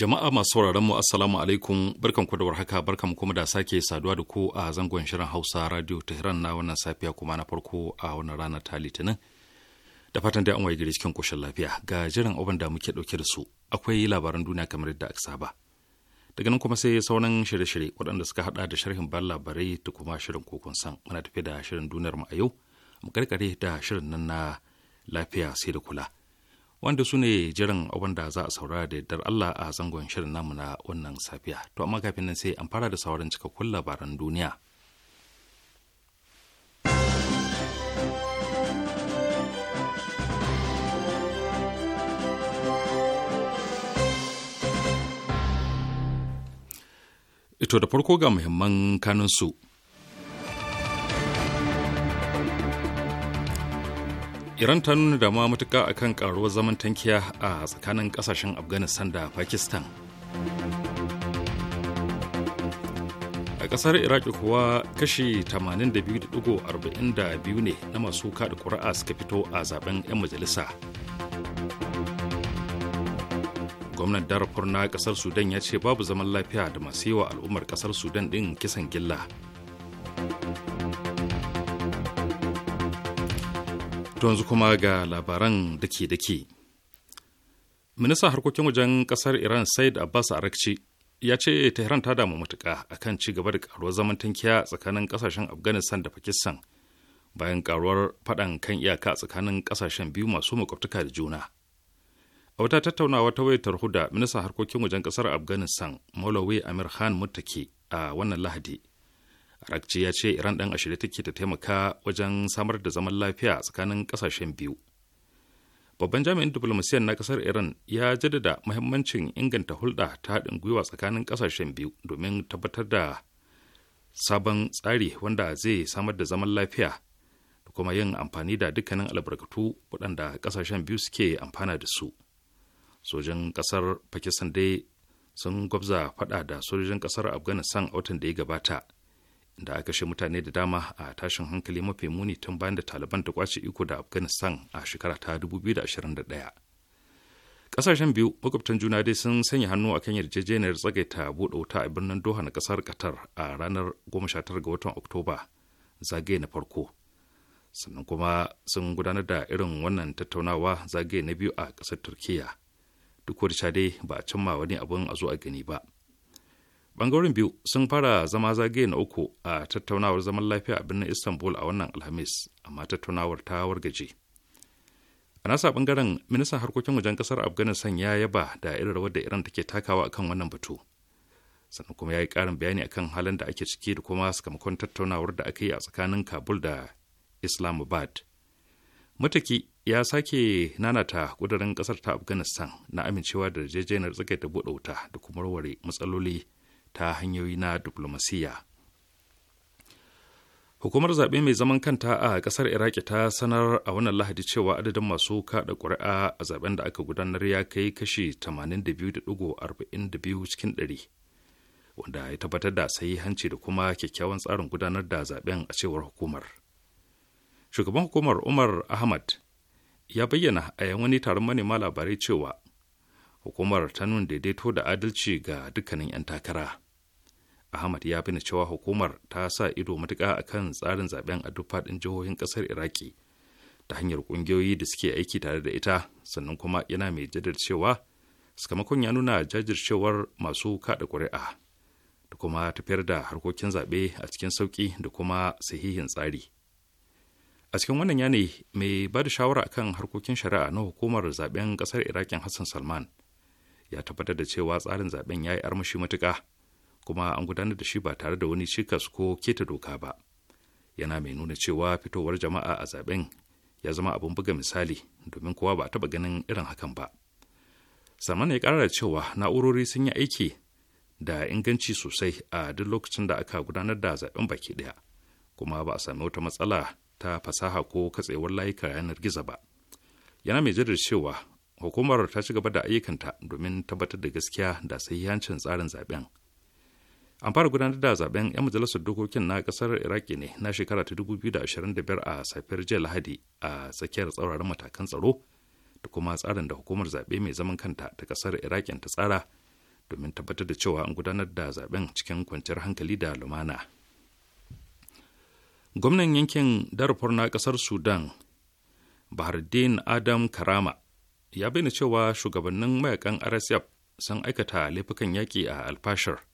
Jama'a masu sauraron mu Assalamu alaikum barkan ku da warhaka barkan kuma da sake saduwa da ku a zangon shirin Hausa Radio Tehran na wannan safiya kuma na farko a wannan rana ta Litinin. Da fatan dai an waye gari cikin koshin lafiya ga jiran abin da muke dauke da su akwai labaran duniya kamar yadda aka saba. Daga nan kuma sai sauran shirye-shirye waɗanda suka hada da sharhin ban labarai da kuma shirin kokon san muna tafi da shirin duniyar mu a yau mu karkare da shirin nan na lafiya sai da kula. wanda su ne jiran abin da za a saurara da yardar Allah a zangon shirin namu na wannan safiya. To amma kafin nan sai an fara da sauran cikakkun labaran duniya. Ito da farko ga muhimman kanunsu. su. iran ta nuna dama matuka akan karuwar zaman tankiya a tsakanin kasashen afghanistan da pakistan a kasar iraki kuwa kashi 82.42 ne na masu kaɗa ƙuri'a suka fito a zaben 'yan majalisa gwamnan darfur na kasar sudan ya ce babu zaman lafiya da masu yi wa al'ummar kasar sudan din kisan gilla To yanzu kuma ga labaran dake-dake. Minista harkokin wajen kasar Iran Said Abbas Arakci ya ce Tehran ta damu matuka akan ci gaba da karuwar zaman tankiya tsakanin kasashen Afghanistan da Pakistan bayan karuwar faɗan kan iyaka tsakanin ƙasashen biyu masu makwabtaka da juna. A wata tattaunawa ta wayar tarho ministan harkokin wajen kasar Afghanistan Maulawi Amir Khan Muttaki a wannan Lahadi Arakci ya ce Iran ɗan ashirya take ta taimaka wajen samar da zaman lafiya tsakanin ƙasashen biyu. Babban jami'in diplomasiyyar na ƙasar Iran ya jaddada mahimmancin inganta hulɗa ta haɗin gwiwa tsakanin ƙasashen biyu domin tabbatar da sabon tsari wanda zai samar da zaman lafiya da kuma yin amfani da dukkanin albarkatu waɗanda ƙasashen biyu suke amfana da su. sojin ƙasar Pakistan dai sun gwabza faɗa da sojojin ƙasar Afghanistan a watan da ya gabata. da aka kashe mutane da dama a tashin hankali mafi muni tun bayan da taliban da kwace iko da afghanistan a shekara ta 2021 kasashen biyu makwabtan juna dai sun sanya hannu a kan yarjejeniyar tsagaita buɗe wuta a birnin doha na ƙasar qatar a ranar 19 ga watan oktoba zagaye na farko sannan kuma sun gudanar da irin wannan tattaunawa zagaye na biyu a kasar turkiya duk da dai ba a cimma wani abin a zo a gani ba ɓangaren biyu sun fara zama zagaye na uku a tattaunawar zaman lafiya a birnin istanbul a wannan alhamis amma tattaunawar ta wargaje a nasa bangaren ministan harkokin wajen ƙasar afghanistan ya yaba da irin rawar da iran take takawa akan wannan batu sannan kuma ya yi karin bayani akan halin da ake ciki da kuma sakamakon tattaunawar da aka yi a tsakanin kabul da islamabad mataki ya sake nanata ƙudurin kasar ta afghanistan na amincewa da yarjejeniyar tsakaita buɗe wuta da kuma warware matsaloli ta hanyoyi na diplomasiya. Hukumar zaɓe mai zaman kanta a ƙasar Iraki ta sanar a wannan Lahadi cewa adadin masu kaɗa ƙuri'a a zaɓen da aka gudanar ya kai kashi 82.42 cikin ɗari, wanda ya tabbatar da sai hanci da kuma kyakkyawan tsarin gudanar da zaɓen a cewar hukumar. Shugaban hukumar Umar Ahmad ya bayyana a yan wani taron manema labarai cewa hukumar ta nuna daidaito da adalci ga dukkanin 'yan takara. ahmad ya bina cewa hukumar ta sa ido matuƙa kan tsarin zaɓen a duk faɗin jihohin ƙasar iraki ta hanyar ƙungiyoyi da suke aiki tare da ita sannan kuma yana mai jadar cewa sakamakon ya nuna jajircewar masu kaɗa ƙuri'a da kuma tafiyar da harkokin zaɓe a cikin sauƙi da kuma sahihin tsari a cikin wannan yanayi mai ba da shawara kan harkokin shari'a na hukumar zaɓen ƙasar Iraki hassan salman ya tabbatar da cewa tsarin zaben ya yi armashi matuƙa kuma an gudanar da shi ba tare da wani cikas ko keta doka ba yana mai nuna cewa fitowar jama'a a zaben ya zama abin buga misali domin kowa ba taɓa ganin irin hakan ba sannan ya da cewa na'urori sun yi aiki da inganci sosai a duk lokacin da aka gudanar da zaben baki ɗaya kuma ba a sami wata matsala ta fasaha ko katsewar layuka yanar gizo ba yana mai jaddada cewa hukumar ta ci gaba da ayyukanta domin tabbatar da gaskiya da sahihancin tsarin zaben an fara gudanar da zaben 'yan majalisar dokokin na kasar iraki ne na shekara ta 2025 a safiyar jiya lahadi a tsakiyar tsauraran matakan tsaro da kuma tsarin da hukumar zaɓe mai zaman kanta ta kasar irakin ta tsara domin tabbatar da cewa an gudanar da zaben cikin kwanciyar hankali da lumana gwamnan yankin darfur na kasar sudan bahardin adam karama ya bayyana cewa shugabannin mayakan rsf sun aikata laifukan yaƙi a alfashar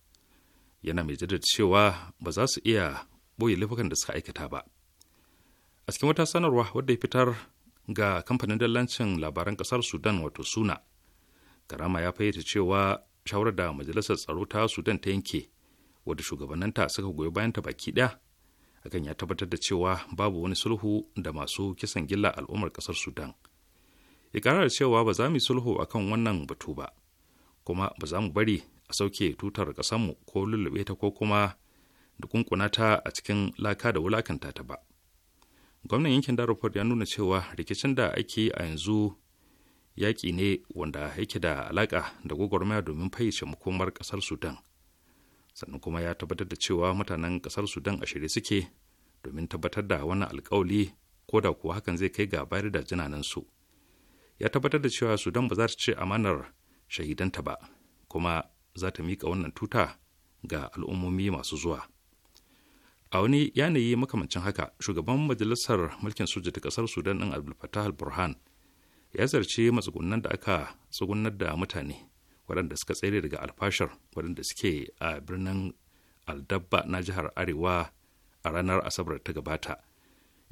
yana mai jaddada cewa ba za su iya boye laifukan da suka aikata ba a cikin wata sanarwa wadda ya fitar ga kamfanin dallancin labaran kasar sudan wato suna karama ya fayyace cewa shawarar da majalisar tsaro ta sudan ta yanke wadda shugabanninta suka goyi bayan ta baki ɗaya hakan ya tabbatar da cewa babu wani sulhu da masu kisan gilla al'ummar kasar sudan ya da cewa ba za mu yi sulhu akan wannan batu ba kuma ba za mu bari a sauke tutar kasanmu ko lullube ta ko kuma da ta a cikin laka da wulakanta ta ba. Gwamnan yankin Darfur ya nuna cewa rikicin da ake a yanzu yaƙi ne wanda yake da alaƙa da gwagwarmaya domin fayyace makomar ƙasar Sudan. Sannan kuma ya tabbatar da cewa mutanen ƙasar Sudan a shirye suke domin tabbatar da wani alƙawali ko da kuwa hakan zai kai ga bayar da jinanansu. su. ya tabbatar da cewa sudan ba za ta ce amanar shahidanta ba kuma za ta miƙa wannan tuta ga al'ummomi masu zuwa a wani yanayi makamancin haka shugaban majalisar mulkin soja ta kasar sudan ɗin abdul fatah burhan ya zarce matsugunan da aka tsugunar da mutane waɗanda suka tsere daga alfashar waɗanda suke a birnin aldabba na jihar arewa a ranar asabar ta gabata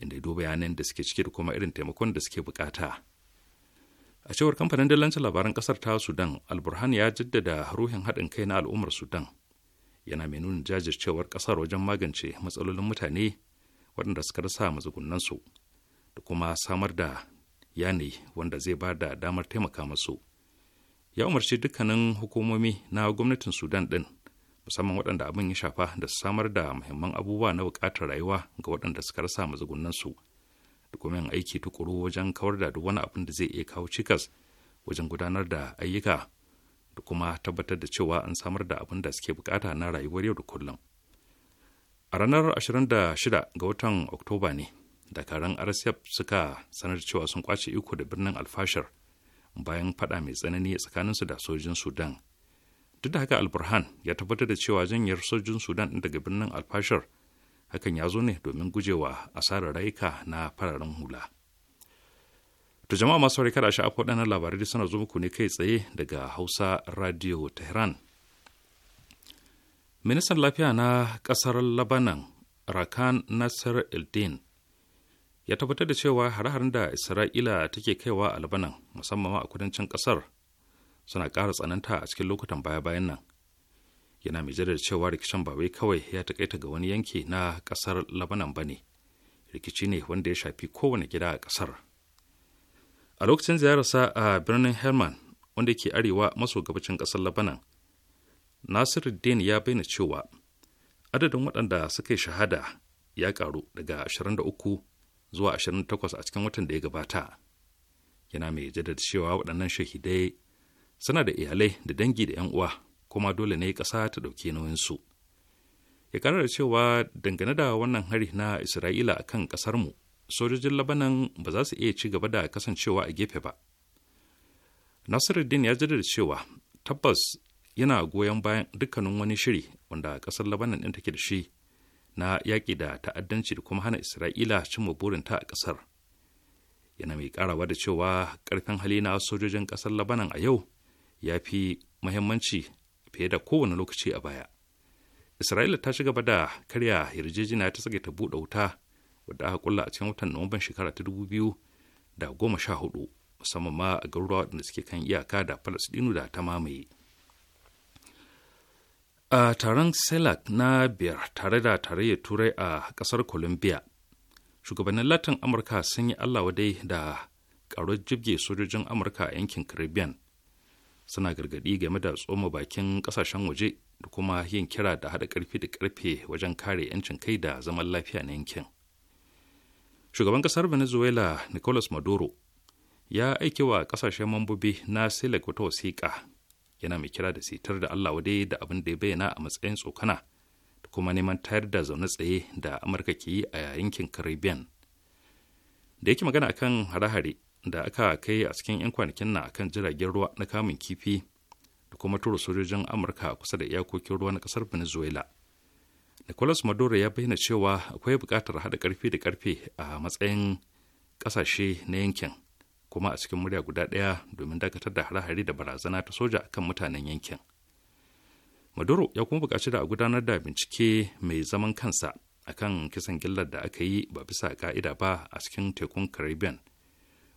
inda duba yanayin da suke cike da kuma irin taimakon da suke bukata a cewar kamfanin dillancin labaran kasar ta sudan alburhan ya jaddada ruhin haɗin kai na al'ummar sudan yana mai nuna jajircewar kasar wajen magance matsalolin mutane waɗanda suka rasa matsugunansu da kuma samar da yanayi wanda zai ba da damar taimaka masu ya umarci dukkanin hukumomi na gwamnatin sudan ɗin musamman waɗanda abin ya shafa da samar da muhimman abubuwa na buƙatar rayuwa ga waɗanda suka rasa matsugunansu su da aiki tukuru wajen kawar da duk wani abin da zai iya kawo cikas wajen gudanar da ayyuka da kuma tabbatar da cewa an samar da abin da suke bukata na rayuwar yau da kullum. A ranar 26 ga watan Oktoba ne, dakaran rsf suka sanar da cewa sun kwace iko da birnin alfashar bayan fada mai tsanani tsakaninsu da sojin Sudan. Duk da haka Alburhan ya tabbatar da cewa janyar sojin Sudan daga birnin alfashar hakan ya zo ne domin gujewa asarar rayuka na fararen hula to jama'a masu saurari kada sha'afa waɗannan labarai da suna zo muku ne kai tsaye daga hausa radio tehran ministan lafiya na ƙasar labanan rakan nasir eldin ya tabbatar da cewa hare-haren da isra'ila take kaiwa a labanan musamman a kudancin ƙasar suna ƙara tsananta a cikin lokutan baya-bayan nan yana mai jaddada cewa rikicin ba wai kawai ya takaita ga wani yanki na kasar labanan ba ne rikici ne wanda ya shafi kowane gida a kasar a lokacin ziyararsa a birnin herman wanda ke arewa maso gabacin kasar labanan nasiru din ya bayyana cewa adadin waɗanda suka yi shahada ya karu daga 23 zuwa 28 a cikin watan da ya gabata yana mai jaddada cewa waɗannan shahidai suna da iyalai da dangi da 'yan uwa kuma dole ne ƙasa ta ɗauki nauyinsu ya ƙara da cewa dangane da wannan hari na isra'ila a kan ƙasarmu sojojin labanan ba za su iya ci gaba da kasancewa a gefe ba nasiruddin ya jaddada cewa tabbas yana goyon bayan dukkanin wani shiri wanda ƙasar labanan ɗin take da shi na yaƙi da ta'addanci da kuma hana isra'ila cimma burinta a ƙasar yana mai ƙarawa da cewa ƙarfin hali na sojojin ƙasar labanan a yau ya fi muhimmanci fiye da kowane lokaci a baya isra'ila ta ci gaba da karya yarjejeniya ta tsage ta buɗe wuta wadda aka kulla a cikin watan nuwamban shekara ta dubu biyu da goma sha hudu musamman ma a garuruwa waɗanda suke kan iyaka da falasɗinu da ta mamaye a taron selak na biyar tare da tarayyar turai a ƙasar columbia shugabannin latin amurka sun yi allah wadai da ƙaruwar jibge sojojin amurka a yankin caribbean suna gargaɗi game da tsoma bakin ƙasashen waje da kuma yin kira da haɗa ƙarfi da ƙarfe wajen kare 'yancin kai da zaman lafiya na yankin shugaban ƙasar venezuela nicolas maduro ya aiki wa ƙasashen mambobi na selec wata wasiƙa yana mai kira da sitar da allah wadai da abin da ya bayyana a matsayin tsokana da kuma neman tayar da zaune tsaye da amurka ke yi a yankin caribbean da yake magana akan hare-hare da aka kai a cikin 'yan kwanakin na kan jiragen ruwa na kamun kifi da kuma tura sojojin amurka kusa da iyakokin ruwa na kasar venezuela nicolas maduro ya bayyana cewa akwai bukatar haɗa ƙarfi da ƙarfe a matsayin ƙasashe na yankin kuma a cikin murya guda ɗaya domin dakatar da hare-hare da barazana ta soja kan mutanen yankin maduro ya kuma buƙaci da a gudanar da bincike mai zaman kansa akan kisan gillar da aka yi ba bisa ka'ida ba a cikin tekun caribbean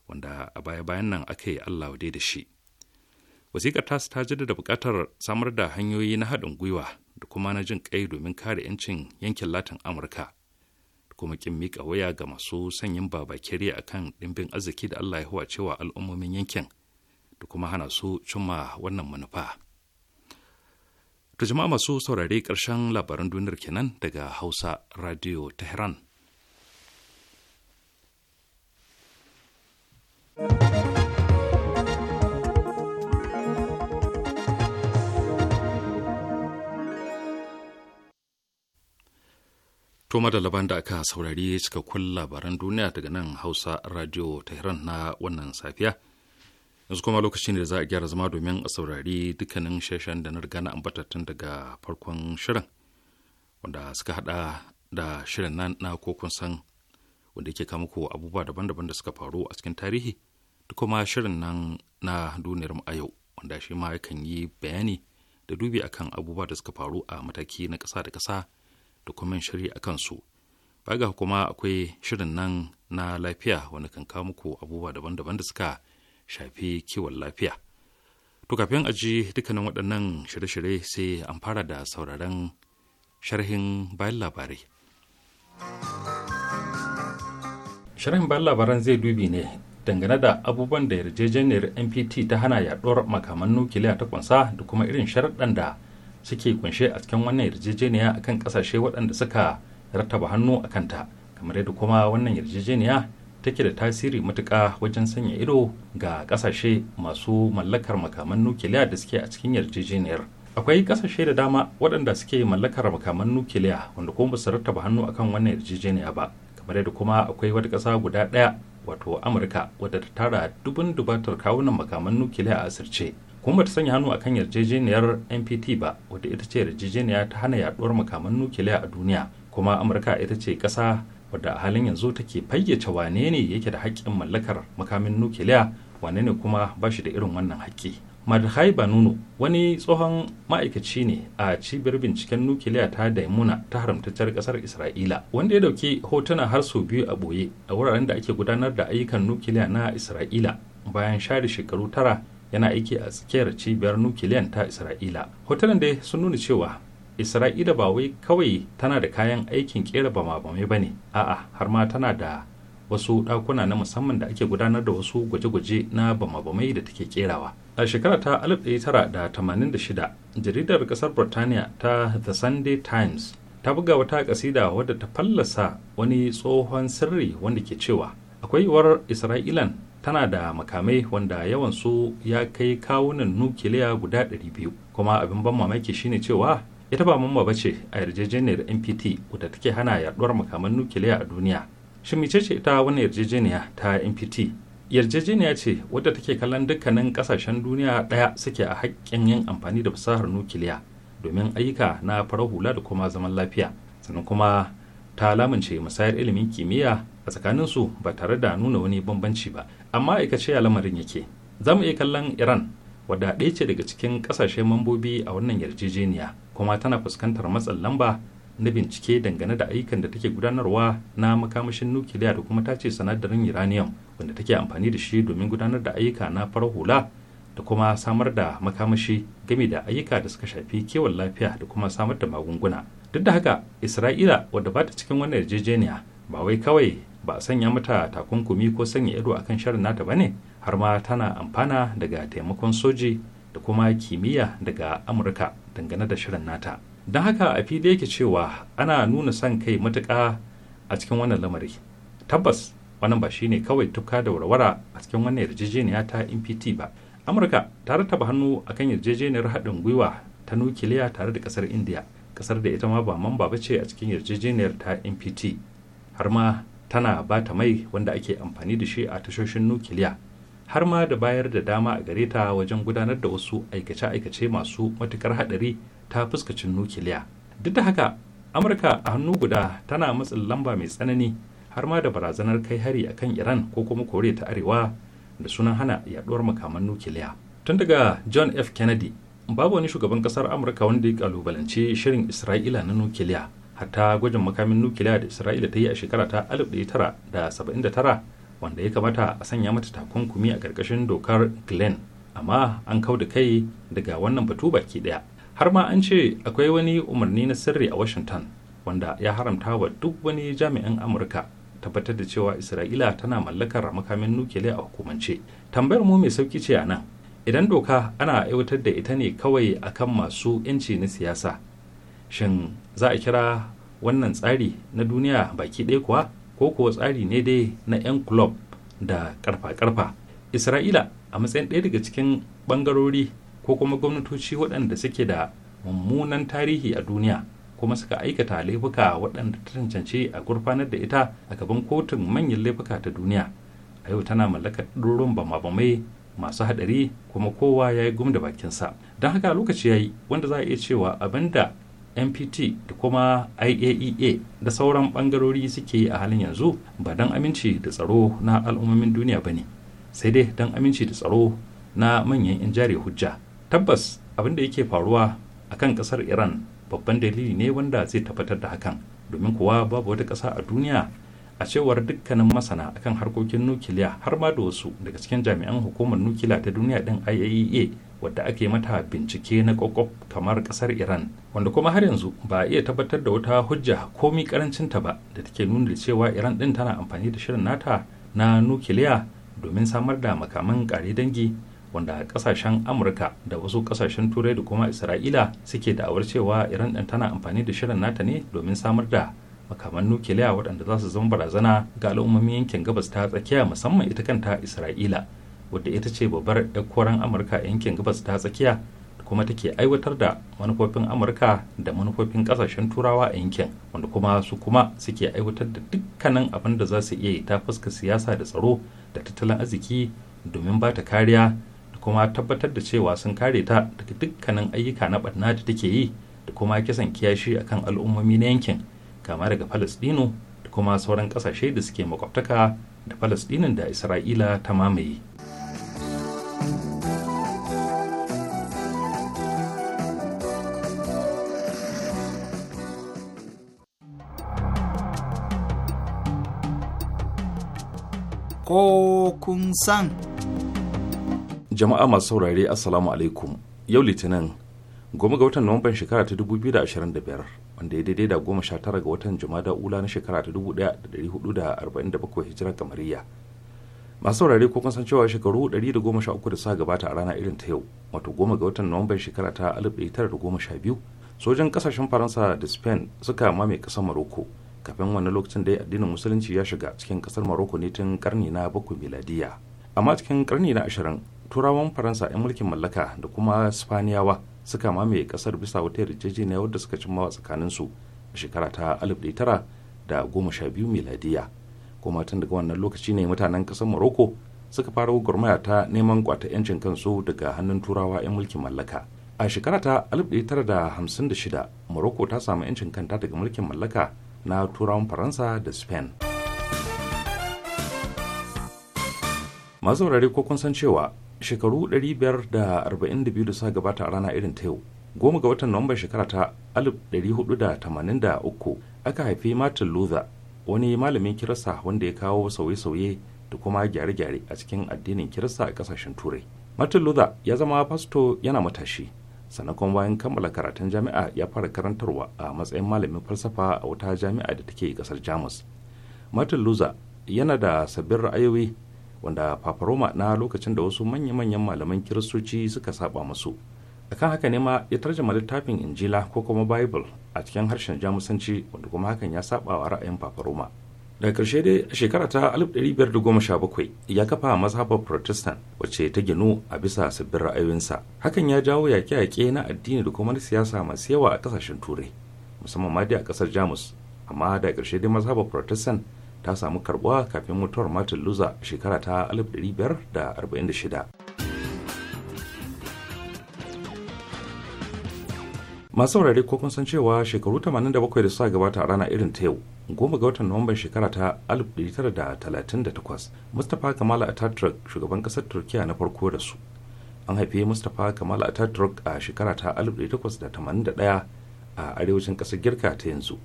wanda a baya-bayan nan aka yi Allah wade da shi. Wasiƙar ta ta jaddada buƙatar samar da hanyoyi na haɗin gwiwa da kuma na jin ƙai domin kare 'yancin yankin Latin Amurka da kuma ƙin miƙa waya ga masu sanyin babakere a kan ɗimbin arziki da Allah ya huwa cewa al'ummomin yankin da kuma hana su cimma wannan manufa. To jama'a masu saurare ƙarshen labaran duniyar kenan daga Hausa Radio Tehran. To madalaban da aka saurari cikakkun labaran duniya daga nan Hausa Radio Tehran na wannan safiya. Yanzu kuma lokaci ne da za a gyara zama domin a saurari dukkanin sheshen da na riga na ambatattun daga farkon shirin wanda suka hada da shirin nan na kokon san wanda yake kamuku abubuwa daban-daban da suka faru a cikin tarihi kuma shirin nan na duniyar mu a yau wanda shi ma yakan yi bayani da dubi akan abubuwa da suka faru a mataki na ƙasa da ƙasa da kuma shiri a kansu baga kuma akwai shirin nan na lafiya wanda kan kawo muku abubuwa daban-daban da suka shafi kiwon lafiya to kafin a ji dukkanin waɗannan shirye-shirye sai an fara da sauraron sharhin bayan labarai sharhin bayan labaran zai dubi ne dangane da abubuwan da yarjejeniyar npt ta hana yaduwar makaman nukiliya ta kunsa da kuma irin sharaɗan da suke kunshe a cikin wannan yarjejeniya akan kasashe waɗanda suka rattaba hannu a kanta kamar yadda kuma wannan yarjejeniya take da tasiri matuƙa wajen sanya ido ga ƙasashe masu mallakar makaman nukiliya da suke a cikin yarjejeniyar akwai ƙasashe da dama waɗanda suke mallakar makaman nukiliya wanda kuma ba su rattaba hannu akan wannan yarjejeniya ba kamar yadda kuma akwai wata ƙasa guda ɗaya wato amurka wadda ta tara dubin dubatar kawunan makaman nukiliya a asirce kuma bata sanya hannu akan yarjejeniyar npt ba wadda ita ce yarjejeniya ta hana yaduwar makaman nukiliya a duniya kuma amurka ita ce kasa wadda a halin yanzu take fayyace wane ne yake da haƙƙin mallakar makamin nukiliya wane ne kuma ba shi da irin wannan haƙƙi madhai banunu wani tsohon ma'aikaci ne a cibiyar binciken nukiliya ta daimuna ta haramtacciyar kasar isra'ila wanda ya dauki hotuna har sau biyu a boye a wuraren da ake gudanar da ayyukan nukiliya na isra'ila bayan share shekaru tara yana aiki a tsakiyar cibiyar nukiliyan ta isra'ila hotunan dai sun nuna cewa isra'ila ba wai kawai tana da kayan aikin kera bama bame ba ne a'a har ma tana da wasu ɗakuna na musamman da ake gudanar da wasu gwaje-gwaje na bama-bamai da take kerawa a shekara ta 1986 jaridar kasar burtaniya ta the sunday times ta buga wata kasida wadda ta fallasa wani tsohon sirri wanda ke cewa akwai yiwuwar isra'ilan tana da makamai wanda yawansu ya kai kawunan nukiliya guda 200 kuma abin ban mamaki shine cewa ita ba mamma bace a yarjejeniyar npt wadda take hana yaduwar makaman nukiliya a duniya shimice ce ta wani yarjejeniya ta npt yarjejeniya ce wadda take kallon dukkanin kasashen duniya daya suke a haƙƙin yin amfani da fasahar nukiliya domin ayyuka na farar hula da kuma zaman lafiya sannan kuma ta lamince musayar ilimin kimiyya a tsakanin su ba tare da nuna wani bambanci ba amma ce a lamarin yake za mu iya kallon iran wadda ɗaya ce daga cikin kasashen mambobi a wannan yarjejeniya kuma tana fuskantar matsin lamba na bincike dangane da ayyukan da take gudanarwa na makamashin nukiliya da kuma tace sanadarin uranium wanda take amfani da shi domin gudanar da ayyuka na farar hula da kuma samar da makamashi game da ayyuka da suka shafi kewan lafiya da kuma samar da magunguna duk da haka isra'ila wadda ba ta cikin wannan yarjejeniya ba wai kawai ba a sanya mata takunkumi ko sanya ido a kan shirin nata ba ne har ma tana amfana daga taimakon soji da kuma kimiyya daga amurka dangane da shirin nata don haka a fili yake cewa ana nuna son kai matuƙa a cikin wannan lamari tabbas wannan ba shi ne kawai tuka da warwara a cikin wannan yarjejeniya ta npt ba amurka ta rattaba hannu a kan yarjejeniyar haɗin gwiwa ta nukiliya tare da ƙasar indiya ƙasar da ita ma ba mamba ba ce a cikin yarjejeniyar ta npt har ma tana ba ta mai wanda ake amfani da shi a tashoshin nukiliya har ma da bayar da dama a gare ta wajen gudanar da wasu aikace-aikace masu matuƙar haɗari ta fuskacin nukiliya duk da haka amurka a hannu guda tana matsin lamba mai tsanani har ma da barazanar kai hari a kan iran ko kuma kore ta arewa da sunan hana yaduwar makaman nukiliya tun daga john f kennedy babu wani shugaban kasar amurka wanda ya kalubalance shirin isra'ila na nukiliya hatta gwajin makamin nukiliya da isra'ila ta yi a shekara ta 1979 wanda ya kamata a sanya mata takunkumi a ƙarƙashin dokar glenn amma an kau da kai daga wannan batu baki ɗaya har ma an ce akwai wani umarni na sirri a washington wanda ya haramta wa duk wani jami'in amurka tabbatar da cewa isra'ila tana mallakar makamin nukiliya a hukumance tambayar mu mai sauki ce a nan idan doka ana aiwatar da ita ne kawai akan masu 'yanci na siyasa shin za a kira wannan tsari na duniya baki ɗaya kuwa ko kuwa tsari ne dai na 'yan club da karfa-karfa isra'ila a matsayin ɗaya daga cikin ɓangarori ko kuma gwamnatoci waɗanda suke da mummunan tarihi a duniya kuma suka aikata laifuka waɗanda ta cancanci a gurfanar da ita a gaban kotun manyan laifuka ta duniya a yau tana mallakar ɗorin bama-bamai masu haɗari kuma kowa ya yi gum da bakinsa don haka lokaci ya yi wanda za a iya cewa abinda npt da kuma iaea e da sauran bangarori suke yi a halin yanzu ba don aminci da tsaro na al'ummomin duniya ba ne sai dai don aminci da tsaro na manyan 'yan jari hujja tabbas abin da yake faruwa a kan kasar iran babban dalili ne wanda zai tabbatar da hakan domin kuwa babu wata ƙasa a duniya a cewar dukkanin masana akan harkokin nukiliya har ma da wasu daga cikin jami'an hukumar nukiliya ta duniya din iaea e wadda yi mata bincike na kokop kamar kasar iran wanda kuma har yanzu ba a iya tabbatar da wata hujja komi karancinta ba da take nuna cewa iran din tana amfani da shirin nata na nukiliya domin samar da makaman kare dangi wanda kasashen amurka da wasu kasashen turai da kuma isra'ila suke da'awar cewa iran ɗin tana amfani da shirin nata ne domin samar da makaman nukiliya waɗanda za su zama barazana ga al'ummomin yankin gabas ta tsakiya musamman ita kanta isra'ila wadda ita ce babbar yakkoran amurka a yankin gabas ta tsakiya kuma take aiwatar da manufofin amurka da manufofin kasashen turawa a yankin wanda kuma su kuma suke aiwatar da dukkanin abin da za su iya yi ta fuska siyasa da tsaro da tattalin arziki domin ba ta kariya kuma tabbatar da cewa sun kare ta daga dukkanin ayyuka na barna da take yi da kuma kisan kiyashi akan al'ummomi na yankin kama daga Falasɗinu, da kuma sauran kasashe da suke makwabtaka da falasdinin da isra'ila ta mamaye Ko kun san. jama'a masu saurare assalamu alaikum yau litinin goma ga watan nuwamban shekara ta 2025 wanda ya daidai da goma sha tara ga watan jumada ula na shekara ta 1447 hijira kamariya masu saurare ko kusan cewa shekaru 113 da sa gabata a rana irin ta yau wato goma ga watan nuwamban shekara ta 1912 sojan kasashen faransa da spain suka mame kasar maroko kafin wani lokacin da addinin musulunci ya shiga cikin kasar maroko ne tun karni na bakwai miladiya amma cikin karni na ashirin turawan faransa 'yan mulkin mallaka da kuma spaniyawa suka mamaye kasar bisa wata yarjejeniya wadda suka cimma tsakanin su a shekara ta 1912 miladiya kuma tun daga wannan lokaci ne mutanen kasar morocco suka fara gwagwarmaya ta neman kwata 'yancin kansu daga hannun turawa 'yan mulkin mallaka a shekara ta 1956 morocco ta samu 'yancin kanta daga mulkin mallaka na turawan faransa da spain masu ko kun san cewa shekaru 542 da suka gabata a rana irin ta yau goma ga watan nuwamban shekara ta 1483 aka haifi martin luther wani malamin kirista wanda ya kawo sauye-sauye da kuma gyare-gyare a cikin addinin kirista a kasashen turai martin luther ya zama fasto yana matashi sannan kuma bayan kammala karatun jami'a ya fara karantarwa a matsayin malamin falsafa a wata jami'a da take kasar jamus martin luther yana da sabbin ra'ayoyi wanda paparoma na lokacin da wasu manya-manyan malaman kiristoci suka saba musu kan haka ne ma ya tarjama littafin injila ko kuma bible a cikin harshen jamusanci wanda kuma hakan ya saba wa ra'ayin paparoma daga ƙarshe dai a shekara ta 1517 ya kafa mazhabar protestant wacce ta ginu a bisa sabbin ra'ayoyinsa hakan ya jawo yaƙe-yaƙe na addini da kuma na siyasa masu yawa a ƙasashen turai musamman ma dai a ƙasar jamus amma da ƙarshe dai mazhabar protestant ta samu karbuwa kafin mutuwar martin luther shekara ta 1546 masu saurare ko kun san cewa shekaru 87 da suka gabata a rana irin ta yau goma ga watan nuwamban shekara ta 1938 mustapha kamal ataturk shugaban kasar turkiya na farko da su an haife mustapha kamal ataturk a shekara ta 1881 a arewacin kasar girka ta yanzu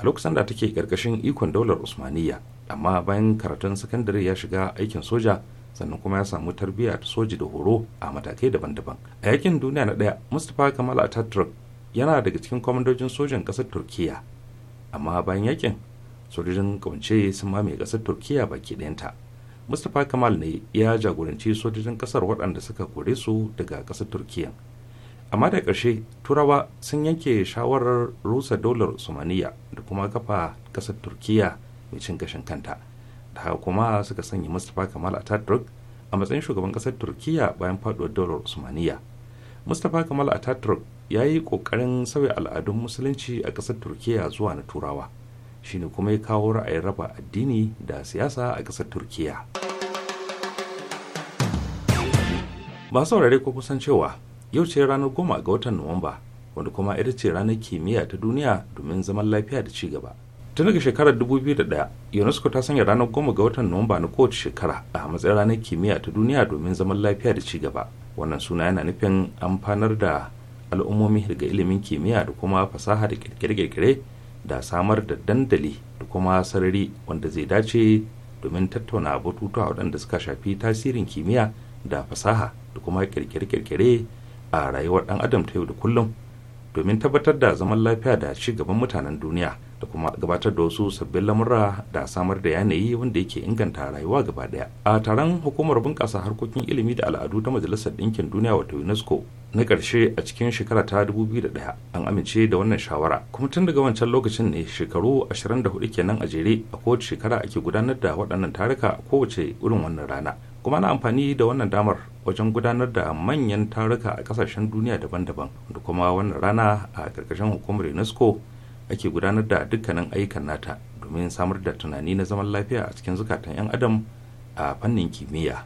a lokacin da take karkashin ikon daular usmaniya amma bayan karatun sakandare ya shiga aikin soja sannan kuma ya samu tarbiyya ta soji da horo a matakai daban-daban a yakin duniya na daya mustapha kamal ataturk yana daga cikin kwamandojin sojan kasar turkiya amma bayan yakin sojojin kawance sun mamaye kasar turkiya baki ɗayanta mustapha kamal ne ya jagoranci sojojin kasar waɗanda suka kore su daga kasar turkiya amma da ƙarshe turawa sun yanke shawarar rusa dolar usmaniya da kuma kafa ƙasar turkiya mai cin gashin kanta da haka kuma suka sanya mustapha kamal ataturk a matsayin shugaban ƙasar turkiya bayan faduwar dolar usmaniyya mustapha kamal ataturk ya yi ƙoƙarin sauya al'adun musulunci a ƙasar turkiya zuwa na turawa shine kuma ya kawo ra'ayin raba addini da siyasa a ƙasar turkiya masu saurare ko kusan cewa yau ce ranar goma ga watan nuwamba wanda kuma ita ce ranar kimiyya ta duniya domin zaman lafiya da ci gaba tun daga shekarar 2001 unesco ta sanya ranar goma ga watan nuwamba na kowace shekara a matsayin ranar kimiyya ta duniya domin zaman lafiya da ci gaba wannan suna yana nufin amfanar da al'ummomi daga ilimin kimiyya da kuma fasaha da kirkire-kirkire da samar da dandali da kuma sarari wanda zai dace domin tattauna batutuwa waɗanda suka shafi tasirin kimiyya da fasaha da kuma kirkire-kirkire a rayuwar ɗan adam ta yau da kullum domin tabbatar da zaman lafiya da ci gaban mutanen duniya da kuma gabatar da wasu sabbin lamura da samar da yanayi wanda yake inganta rayuwa gaba daya a taron hukumar bunƙasa harkokin ilimi da al'adu ta majalisar ɗinkin duniya wato unesco na ƙarshe a cikin shekara ta da ɗaya, an amince da wannan shawara kuma tun daga wancan lokacin ne shekaru ashirin da 24 kenan a jere a kowace shekara ake gudanar da waɗannan taruka kowace irin wannan rana kuma ana amfani da wannan damar wajen gudanar da manyan taruka a kasashen duniya daban-daban da kuma wannan rana a ƙarƙashin hukumar unesco ake gudanar da dukkanin ayyukan nata domin samar da tunani na zaman lafiya a cikin zukatan 'yan adam a fannin kimiyya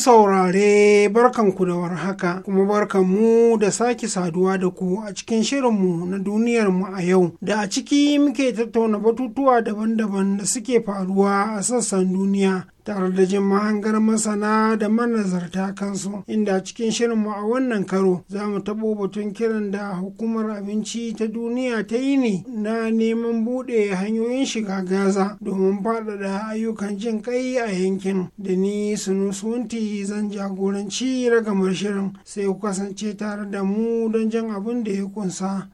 saurare barkanku da warhaka kuma barkan mu da sake saduwa da ku a cikin shirinmu na duniyar mu a yau da a ciki muke tattauna batutuwa daban-daban da suke faruwa a sassan duniya tare da jin mahangar masana da manazarta kansu inda cikin shirinmu a wannan karo za mu taɓo batun kiran da hukumar abinci ta duniya ta yi ne na neman buɗe hanyoyin shiga gaza domin faɗaɗa ayyukan jin kai a yankin da ni sunusunti zan jagoranci ragamar shirin sai ku kasance tare da mu don jan abin da ya kunsa.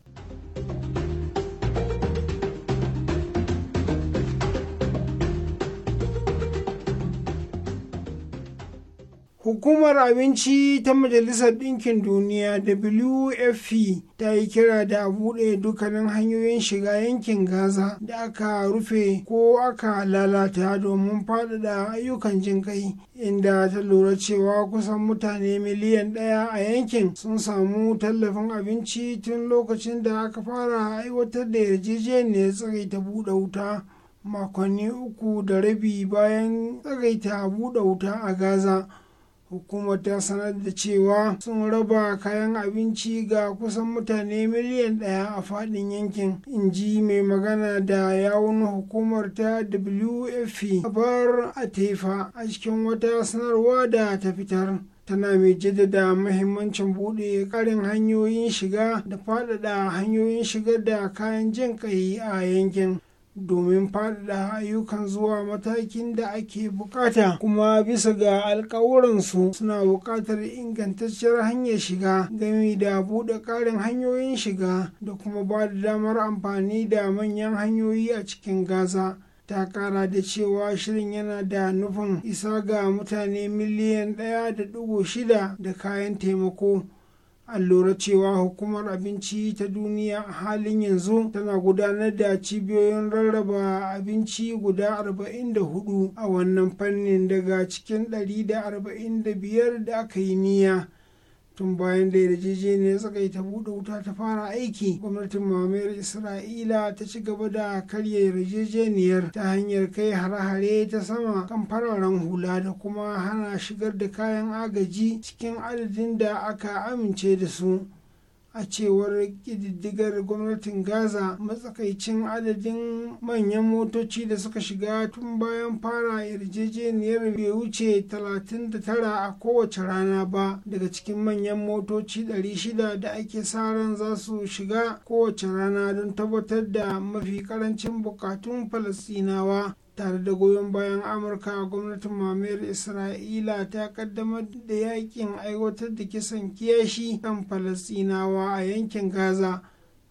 thank you Hukumar Abinci ta Majalisar Ɗinkin Duniya WFP ta yi kira da a buɗe dukkanin hanyoyin shiga yankin Gaza da aka rufe ko aka lalata domin faɗaɗa ayyukan jin kai inda ta lura cewa kusan mutane miliyan ɗaya a yankin sun samu tallafin abinci tun lokacin da aka fara aiwatar da yarjejeniyar tsare ta buɗe wuta. makonni uku da rabi bayan tsagaita buɗe wuta a gaza hukumar ta sanar da cewa sun raba kayan abinci ga kusan mutane miliyan ɗaya a faɗin yankin Inji mai magana da yawun hukumar ta wfp bar a tefa a cikin wata sanarwa da ta fitar tana mai jaddada mahimmancin buɗe karin hanyoyin shiga da faɗaɗa hanyoyin shigar da kayan jin ƙai a yankin domin faɗaɗa ayyukan zuwa matakin da ake bukata kuma bisa ga alkawuransu suna buƙatar ingantacciyar hanyar shiga gami da buɗe ƙarin hanyoyin shiga da kuma ba da damar amfani da manyan hanyoyi a cikin gaza ta kara da cewa shirin yana da nufin isa ga mutane miliyan ɗaya da dubu shida da kayan taimako an lura cewa hukumar abinci ta duniya a halin yanzu tana gudanar da cibiyoyin rarraba abinci guda 44 a wannan fannin daga cikin 145 da aka yi niyya tun bayan da yarjejeniyar suka yi ta buɗe wuta ta fara aiki gwamnatin mamayar isra'ila ta ci gaba da karya yarjejeniyar ta hanyar kai hare-hare ta sama kan fararen hula da kuma hana shigar da kayan agaji cikin adadin da aka amince da su a cewar kididdigar gwamnatin gaza matsakaicin adadin manyan motoci da suka shiga tun bayan fara yarjejeniyar bai wuce 39 a kowace rana ba daga cikin manyan motoci 600 da ake sa ran za su shiga kowace rana don tabbatar da mafi karancin bukatun falasinawa tare da goyon bayan amurka gwamnatin mamayar isra'ila ta kaddamar da yakin aiwatar da kisan kiyashi kan falasinawa a yankin gaza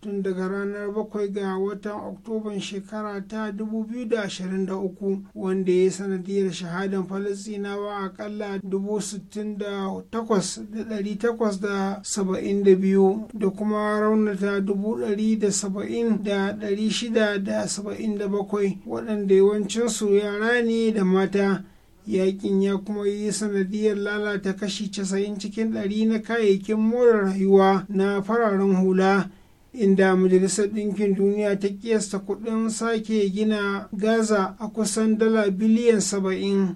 tun daga ranar 7 ga watan oktoban shekara ta 2023 wanda ya yi sanadiyar shahadan falasinawa akalla 68,872 da kuma raunata 170,677 waɗanda yawancinsu yara ne da mata yakin ya kuma yi sanadiyar lalata kashi 90 cikin 100 na kayayyakin more rayuwa na fararen hula inda majalisar ɗinkin duniya ta kiyasta kuɗin sake gina gaza a kusan dala biliyan saba'in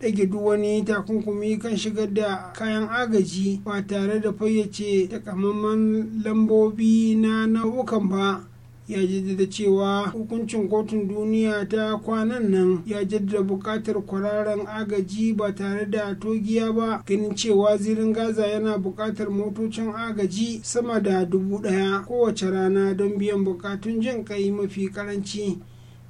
ɗage duk wani takunkumi kan shigar da kayan agaji ba tare da fayyace takamaiman lambobi na nau'ukan ba ya jaddada cewa hukuncin kotun duniya ta kwanan nan ya jaddada buƙatar kwararren agaji ba tare da togiya ba ganin cewa zirin gaza yana buƙatar motocin agaji sama da dubu ɗaya kowace rana don biyan buƙatun jin ƙai mafi ƙaranci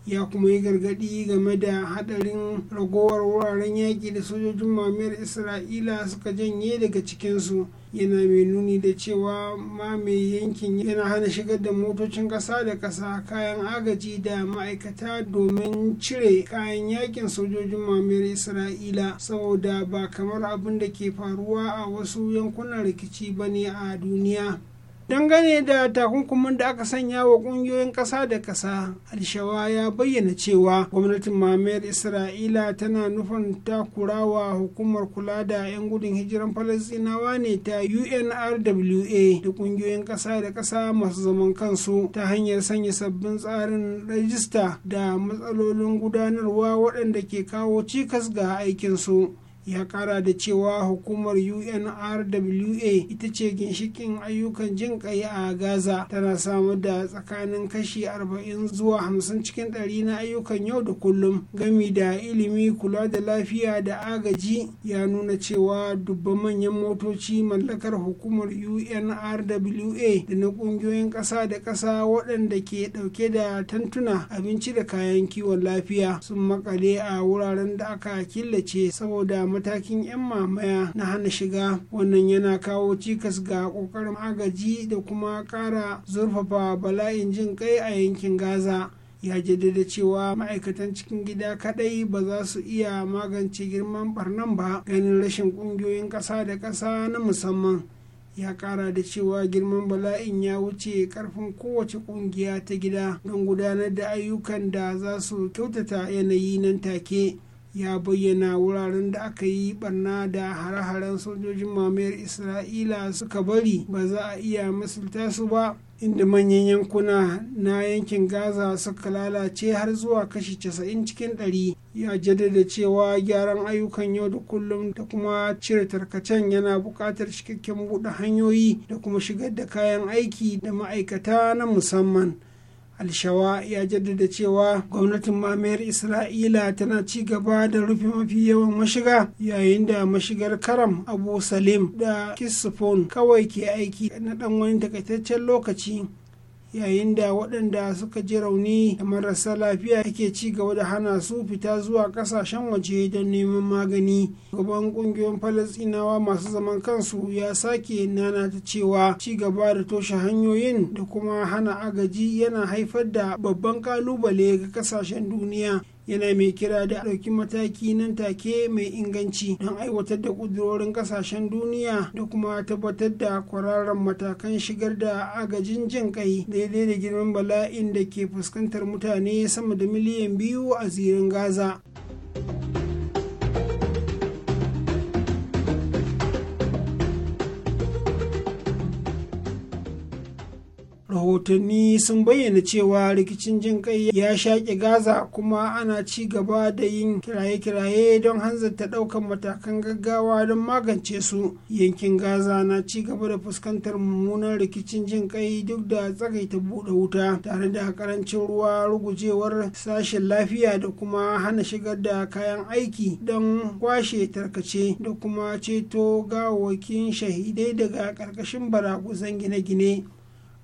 ya kuma yi gargaɗi game da haɗarin ragowar wuraren yaƙi da sojojin mamayar isra'ila suka janye daga cikinsu yana mai nuni da cewa ma mai yankin yana hana shigar da motocin ƙasa da ƙasa kayan agaji da ma'aikata domin cire kayan yakin sojojin mamayar isra'ila saboda ba kamar abin da ke faruwa a wasu yankunan rikici bane a duniya dangane da takunkumin da aka sanya wa kungiyoyin ƙasa da ƙasa alshawa ya bayyana cewa gwamnatin mamayar isra'ila tana nufin takurawa hukumar kula da 'yan gudun hijiran falasinawa ne ta unrwa da kungiyoyin ƙasa da ƙasa masu zaman kansu ta hanyar sanya sabbin tsarin rajista da matsalolin gudanarwa waɗanda ke kawo cikas ga aikinsu ya kara da cewa hukumar unrwa ita ce ginshikin ayyukan jin kai a gaza tana samar da tsakanin kashi 40 zuwa 50 cikin ɗari na ayyukan yau da kullum gami da ilimi kula da lafiya da agaji ya nuna cewa dubban manyan motoci mallakar hukumar unrwa da na ƙungiyoyin ƙasa da ƙasa waɗanda ke ɗauke da tantuna abinci da kayan kiwon lafiya sun makale a wuraren da aka killace saboda matakin 'yan mamaya na hana shiga wannan yana kawo cikas ga kokarin agaji da kuma kara zurfafa bala'in jin kai a yankin gaza ya jaddada cewa ma'aikatan cikin gida kadai ba za su iya magance girman barnan ba ganin rashin kungiyoyin kasa da kasa na musamman ya kara da cewa girman bala'in ya wuce karfin kowace kungiya ta gida don gudanar da ayyukan da za su kyautata yanayi nan take ya bayyana wuraren da aka yi barna da hare-haren sojojin mamayar isra'ila suka bari ba za a iya misalta su ba inda manyan yankuna na yankin gaza suka lalace har zuwa kashi 90 cikin 100 ya jaddada cewa gyaran ayyukan yau da kullum da kuma cire tarkacen yana buƙatar cikakken buɗe hanyoyi da kuma shigar da kayan aiki da ma'aikata na musamman alshawa ya jaddada cewa gwamnatin mamayar isra'ila tana ci gaba da rufe mafi yawan mashiga yayin da mashigar karam abu salim da kisifon kawai ke aiki na dan wani takaitaccen lokaci yayin da waɗanda suka ji rauni da marasa lafiya yake ci gaba da hana su fita zuwa ƙasashen waje don neman magani gaban ƙungiyoyin falasinawa masu zaman kansu ya sake nana ta cewa ci gaba da toshe hanyoyin da kuma hana agaji yana haifar da babban ƙalubale ga ƙasashen duniya yana mai kira da ɗauki mataki nan take mai inganci don aiwatar da ƙudurorin ƙasashen duniya da kuma tabbatar da kwararren matakan shigar da agajin jin kai daidai da girman bala'in da ke fuskantar mutane sama da miliyan biyu a zirin gaza. rahotanni sun bayyana cewa rikicin jin kai ya shaƙe gaza kuma ana ci gaba da yin kiraye-kiraye don hanzarta ɗaukan matakan gaggawa don magance su yankin gaza na ci gaba da fuskantar mummunan rikicin jin kai duk da tsagaita buɗe wuta tare da ƙarancin ruwa rugujewar sashen lafiya da kuma hana shigar da kayan aiki don kwashe tarkace da kuma ceto gawawwakin shahidai daga ƙarƙashin baraguzan gine-gine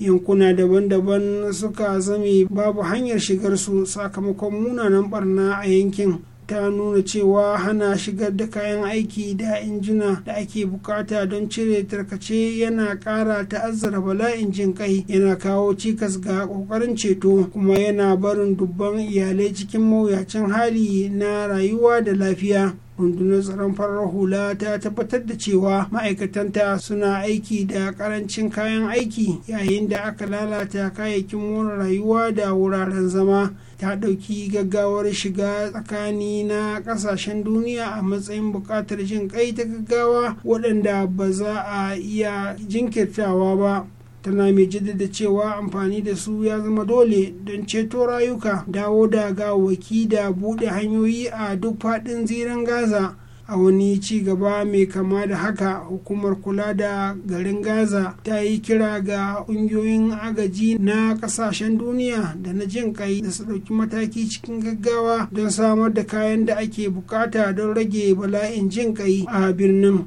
yankuna daban-daban suka zame babu hanyar shigarsu sakamakon munanan barna a yankin ta nuna cewa hana shigar da kayan aiki da injina da ake bukata don cire tarkace yana kara ta'azzara bala'in jin kai yana kawo cikas ga kokarin ceto kuma yana barin dubban iyalai cikin mawuyacin hali na rayuwa da lafiya rundunar tsaron farar hula ta tabbatar da cewa ma'aikatanta suna aiki da karancin kayan aiki yayin da aka lalata kayayyakin more rayuwa da wuraren zama ta ɗauki gaggawar shiga tsakani na ƙasashen duniya a matsayin buƙatar jin ƙai ta gaggawa waɗanda ba za a iya jinkirtawa ba tana mai jaddada cewa amfani da su ya zama dole don ceto rayuka dawo da gawaki da buɗe hanyoyi a duk faɗin zirin gaza a wani ci gaba mai kama da haka hukumar kula da garin gaza ta yi kira ga ƙungiyoyin agaji na ƙasashen duniya da na jin kai da su ɗauki mataki cikin gaggawa don samar da kayan da ake bukata don rage bala'in jin kai a birnin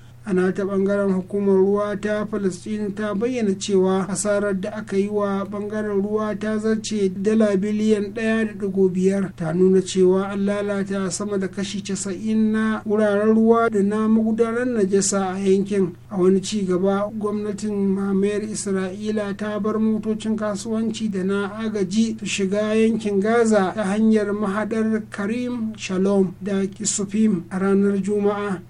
a ta bangaren hukumar ruwa ta palestine ta bayyana cewa hasarar da aka yi wa bangaren ruwa ta zarce dala biliyan da biyar. ta nuna cewa an lalata sama da kashi casa'in na wuraren ruwa da na magudanar najasa a yankin a wani ci gaba gwamnatin mamayar isra'ila ta bar motocin kasuwanci da na agaji su shiga yankin gaza ta hanyar mahadar karim shalom da kisufim a ranar juma'a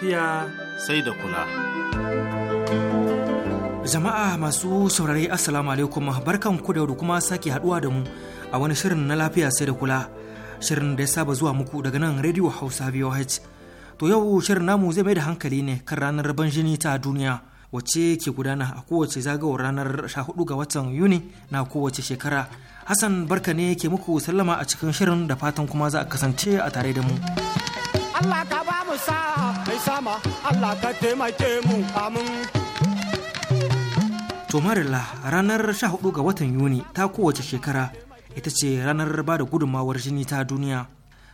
lafiya sai da kula. Jama'a masu saurare Assalamu alaikum barkan ku da kuma sake haduwa da mu a wani shirin na lafiya sai da kula. Shirin da ya saba zuwa muku daga nan Radio Hausa VOH. To yau shirin namu zai mai da hankali ne kan ranar ban jini ta duniya. wace ke gudana a kowace zagawar ranar 14 ga watan Yuni na kowace shekara. Hassan barka ne ke muku sallama a cikin shirin da fatan kuma za a kasance a tare da mu. Allah ka ba mu sa'a sama Allah ka taimake mu amin. To marilla ranar 14 ga watan Yuni ta kowace shekara ita ce ranar ba da gudunmawar jini ta duniya.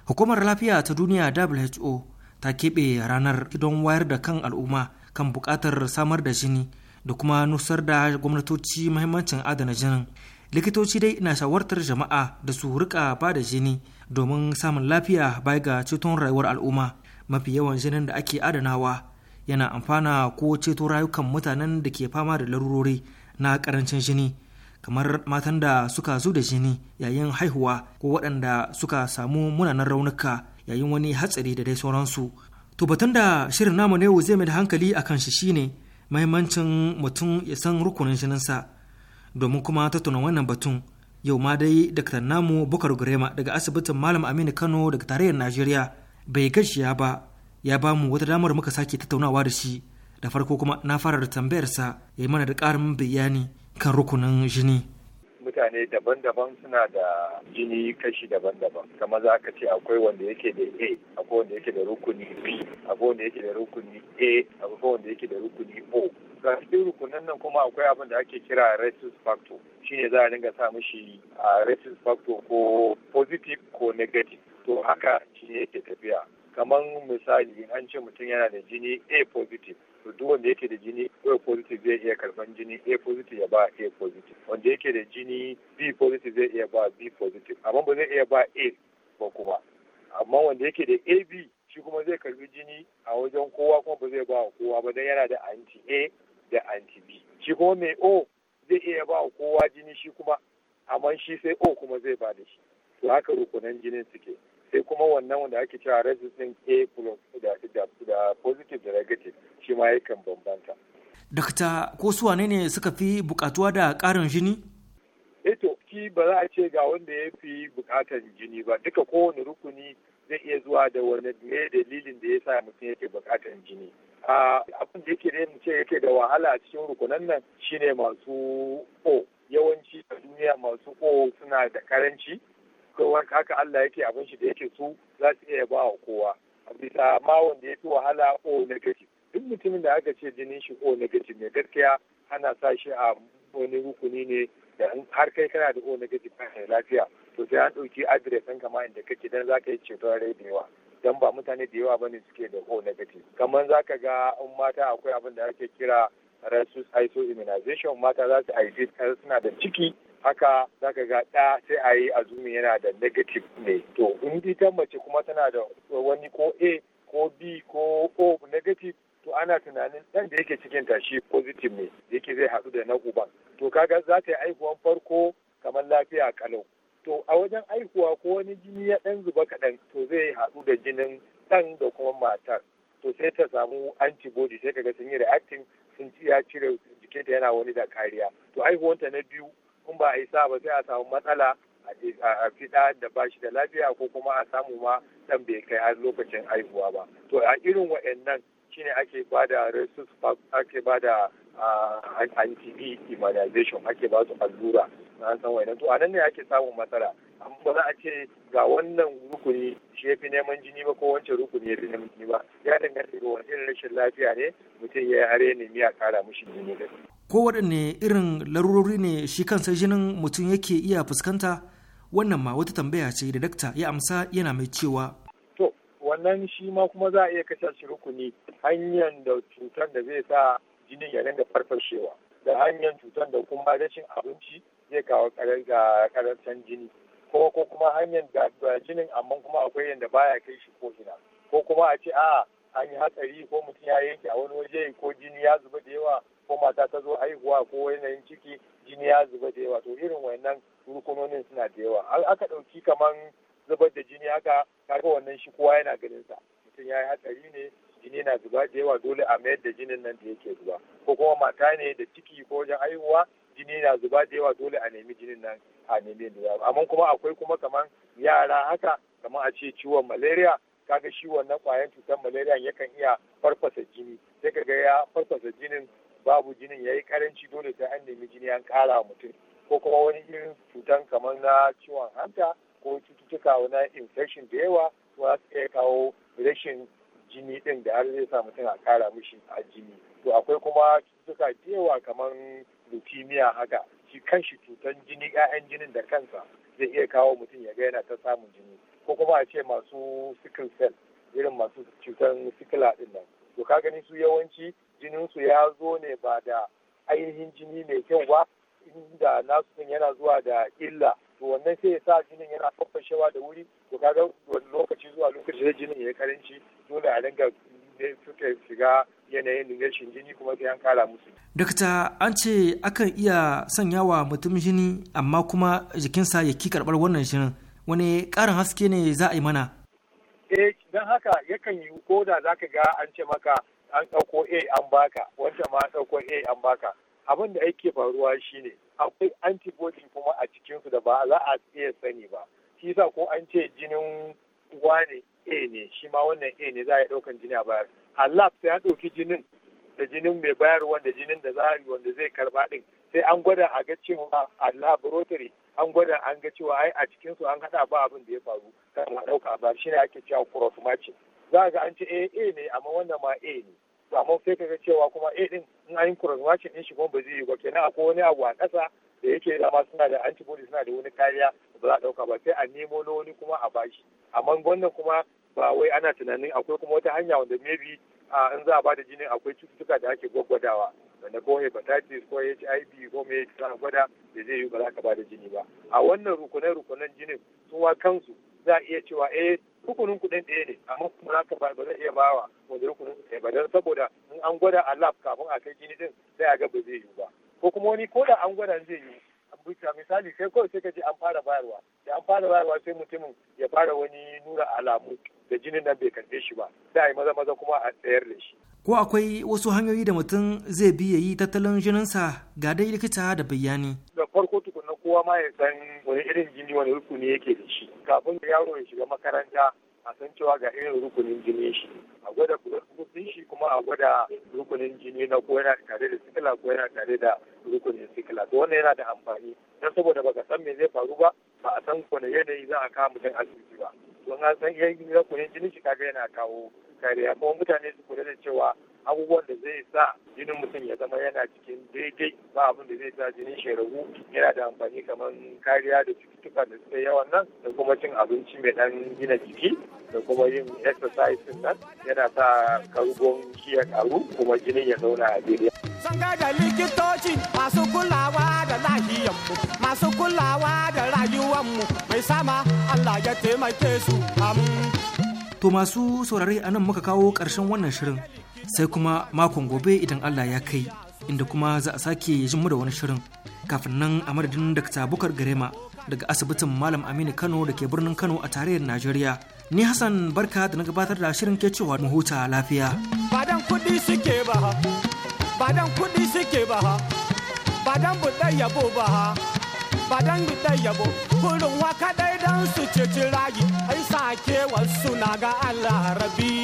Hukumar lafiya ta duniya WHO ta keɓe ranar don wayar da kan al'umma kan buƙatar samar da jini da kuma nusar da gwamnatoci mahimmancin adana jinin. likitoci dai na shawartar jama'a da su rika ba da jini domin samun lafiya baya ga ceton rayuwar al'umma mafi yawan jinin da ake adanawa yana amfana ko ceto rayukan mutanen da ke fama da larurori na karancin jini kamar matan da suka zo da jini yayin haihuwa ko waɗanda suka samu munanan raunuka yayin wani hatsari da dai sauransu to batun da shirin namu na yau zai mai da hankali a kan shi shine mahimmancin mutum ya san rukunin jininsa domin kuma tattauna wannan batun yau ma dai daktar namu bukar gurema daga asibitin malam aminu kano daga tarayyar najeriya bai ya ba ya ba mu wata damar muka sake tattaunawa da shi da farko kuma na fara da tambayarsa ya yi mana da ƙarin bayani kan rukunin jini. mutane daban-daban suna da jini kashi daban-daban kamar za ka ce akwai wanda yake da a akwai wanda yake da rukuni b akwai wanda yake da rukuni a akwai wanda yake da rukuni o ga cikin rukunan nan kuma akwai abin da ake kira rhesus factor shine za a dinga sa mishi a rhesus factor ko positive ko negative to haka shi yake tafiya kamar misali an ce mutum yana da jini a positive to duk wanda yake da jini A positive zai iya karban jini A positive ya ba A positive wanda yake da jini B positive zai iya ba B positive amma ba zai iya ba A ba kuma amma wanda yake da AB shi kuma zai karbi jini a wajen kowa kuma ba zai ba kowa ba dan yana da anti A da anti B shi kuma mai O zai iya ba kowa jini shi kuma amma shi sai O kuma zai ba da shi to haka rukunan jinin suke sai kuma wannan wanda ake cewa resistant a plus da positive da negative shi ma yakan bambanta dakta ko su wane ne suka fi bukatuwa da karin jini eto eh ki ba za a ce ga wanda ya fi bukatar jini ba duka kowane rukuni zai iya zuwa da wani ne dalilin da ya sa mutum yake bukatar jini abin da yake nemi ce yake da wahala a cikin rukunan nan shine masu o yawanci a duniya masu o suna da karanci kowa haka Allah yake abin shi da yake so za su iya ba wa kowa bisa ma wanda ya fi wahala o negative duk mutumin da aka ce jinin shi o negative ne gaskiya ana sa shi a wani rukuni ne da har kai kana da o negative kan lafiya to sai an ɗauki adires ɗin kama inda kake dan za ka yi ceton rai da yawa dan ba mutane da yawa ne suke da o negative kamar za ka ga in mata akwai abin da ake kira rasus iso immunization mata za su aiki suna da ciki haka zaka ga ɗa sai a yi azumi yana da negative ne to in ita mace kuma tana da wani ko a ko b ko o negative to ana tunanin ɗan da yake cikin tashi positive ne yake zai haɗu da na uban to kaga za ta yi aihuwan farko kamar lafiya kalau to a wajen aihuwa ko wani jini ya ɗan zuba kaɗan to zai haɗu da jinin ɗan da kuma matar to sai ta samu antibody sai kaga sun yi reacting sun ci ya cire jikinta yana wani da kariya to aihuwanta na biyu in ba a yi sa ba sai a samu matsala a fiɗa da bashi da lafiya ko kuma a samu ma dan bai kai har lokacin haihuwa ba to a irin wa'annan shine ake bada resus ake bada anti immunization ake ba su allura na san wa'annan to anan ne ake samun matsala amma ba za a ce ga wannan rukuni shi ya neman jini ba ko wancan rukuni ya fi neman jini ba ya danganta ga wani rashin lafiya ne mutum ya yi har ne miya kara mishi jini da ko waɗanne irin larurori ne shi kansa jinin mutum yake iya fuskanta wannan ma wata tambaya ce da dakta ya amsa yana mai cewa to wannan shi ma kuma za a iya kashe shi rukuni hanyar da cutar da zai sa jinin ya dinga farfashewa da hanyar cutar da kuma rashin abinci zai kawo karancin jini ko ko kuma hanyar da jinin amma kuma akwai yanda baya kai shi ko ina ko kuma a ce a an yi hatsari ko mutum ya yanke a wani waje ko jini ya zuba da yawa ko mata ta zo haihuwa ko yanayin ciki jini ya zuba da yawa to irin wayannan rukunonin suna da yawa aka ɗauki kaman zubar da jini haka kaga wannan shi kowa yana ganin sa mutum ya yi hatsari ne jini na zuba da yawa dole a mayar da jinin nan da yake zuba ko kuma mata ne da ciki ko wajen haihuwa jini na zuba da yawa dole a nemi jinin nan a nemi da yawa. amma kuma akwai kuma kaman yara haka kaman a ce ciwon malaria kaga shi wannan kwayan cutar malaria yakan iya farfasa jini sai kaga ya farfasa jinin babu jinin ya yi karanci dole sai an nemi jini an kara mutum ko kuma wani irin cutan kamar na ciwon hanta ko cututtuka wani infection da yawa za su iya kawo rashin jini din da har zai sa mutum a kara mishi a jini to akwai kuma cututtuka da yawa kamar leukemia haka shi kanshi cutan jini 'ya'yan jinin da kansa zai iya kawo mutum ya ga yana ta samun jini ko kuma a ce masu sickle cell irin masu cutan sikila din nan to ka gani su yawanci jininsu ya zo ne ba da ainihin jini mai kyau ba inda nasu sun yana zuwa da illa to wannan sai ya sa jinin yana farfashewa da wuri to kaga wani lokaci zuwa lokaci da jinin ya karanci dole a dinga suka shiga yanayin rashin jini kuma sai an kara musu. Dakta an ce akan iya sanya wa mutum jini amma kuma jikinsa ya ki karɓar wannan jinin wani ƙarin haske ne za a yi mana. Eh don haka yakan yi ko da za ka ga an ce maka an ɗauko a an baka wanda ma an ɗauko a an baka abin da ake faruwa shine akwai antibody kuma a cikinsu da ba za a iya sani ba shi sa ko an ce jinin wane a ne shi ma wannan a ne za a yi ɗaukan jini a bayar lab sai an ɗauki jinin da jinin mai bayarwa da jinin da za a yi wanda zai karba ɗin sai an gwada a ga cewa a laboratory an gwada an ga cewa ai a cikinsu an haɗa ba abin da ya faru kan a ɗauka a bayar ne ake cewa cross matching za a ga an ce a ne amma wannan ma a ne to amma sai kaga cewa kuma eh din in an yi cross din shi kuma ba zai yi ba kenan akwai wani abu a ƙasa da yake da ma suna da antibody suna da wani kariya ba za a ɗauka ba sai a nemo na wani kuma a bashi amma wannan kuma ba wai ana tunanin akwai kuma wata hanya wanda maybe in za a ba da jinin akwai cututtuka da ake gwaggwadawa wanda ko hepatitis ko HIV ko me za a gwada da zai yi ba za ka ba da jini ba a wannan rukunan rukunan jinin su wa kansu za a iya cewa eh rukunin kuɗin ɗaya ne amma kuma za ka ba zai iya bawa wani rukunin kuɗin ɗaya ba don saboda in an gwada a lab kafin a kai jini din sai a ga ba zai yiwu ba ko kuma wani ko da an gwada zai yiwu bisa misali sai kawai sai ka ji an fara bayarwa da an fara bayarwa sai mutumin ya fara wani nura alamu da jinin nan bai karɓe shi ba sai a yi maza maza kuma a tsayar da shi. ko akwai wasu hanyoyi da mutum zai bi ya yi tattalin jininsa ga dai likita da bayani. da farko tukun kowa ma ya san wani irin jini wani rukuni yake da shi kafin da yaro ya shiga makaranta a san cewa ga irin rukunin jini shi a gwada rukunin shi kuma a gwada rukunin jini na ko yana tare da sikila ko yana tare da rukunin sikila to wannan yana da amfani don saboda baka san me zai faru ba ba a san kwana yanayi za a kawo mutum asibiti ba don an san yayin rukunin jini shi kaga yana kawo kariya kuma mutane su kula da cewa abubuwan da zai sa jinin mutum ya zama yana cikin daidai ba abin da zai sa jinin shi yana da amfani kamar kariya da cututtuka da suke yawan nan da kuma cin abinci mai dan gina jiki da kuma yin exercise nan yana sa karugon shi ya karu kuma jinin ya zauna a daidai. Sun da likitoci masu kulawa da lahiyanmu masu kulawa da rayuwanmu mai sama Allah ya taimake su To masu saurari a nan muka kawo ƙarshen wannan shirin sai kuma makon gobe idan Allah ya kai inda kuma za a sake jin mu da wani shirin kafin nan a madadin Dr. Bukar Garema daga asibitin Malam Aminu Kano da ke birnin Kano a tarayyar Najeriya. Ni Hassan Barka da na gabatar da shirin ke cewa mu huta lafiya. Badan kudi suke ba ha, badan kudi suke ba ha, badan buɗe yabo ba ha, badan buɗe yabo, kurin waka ɗai don su ceci rayu, ai sake wasu na ga Allah rabi.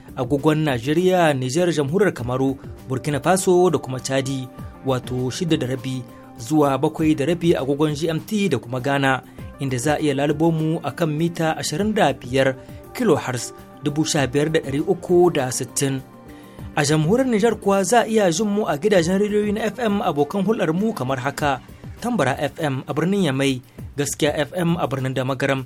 agogon Najeriya, Nijar, Jamhuriyar Kamaru, Burkina Faso da kuma Chadi, wato shida da rabi zuwa bakwai da rabi agogon GMT da kuma Ghana, inda za a iya lalubo mu a kan mita 25 kHz 15,360. A jamhuriyar Nijar kuwa za a iya jin mu a gidajen rediyoyi na FM abokan hulɗar mu kamar haka, Tambara FM a birnin Yamai, Gaskiya FM a birnin Damagaram,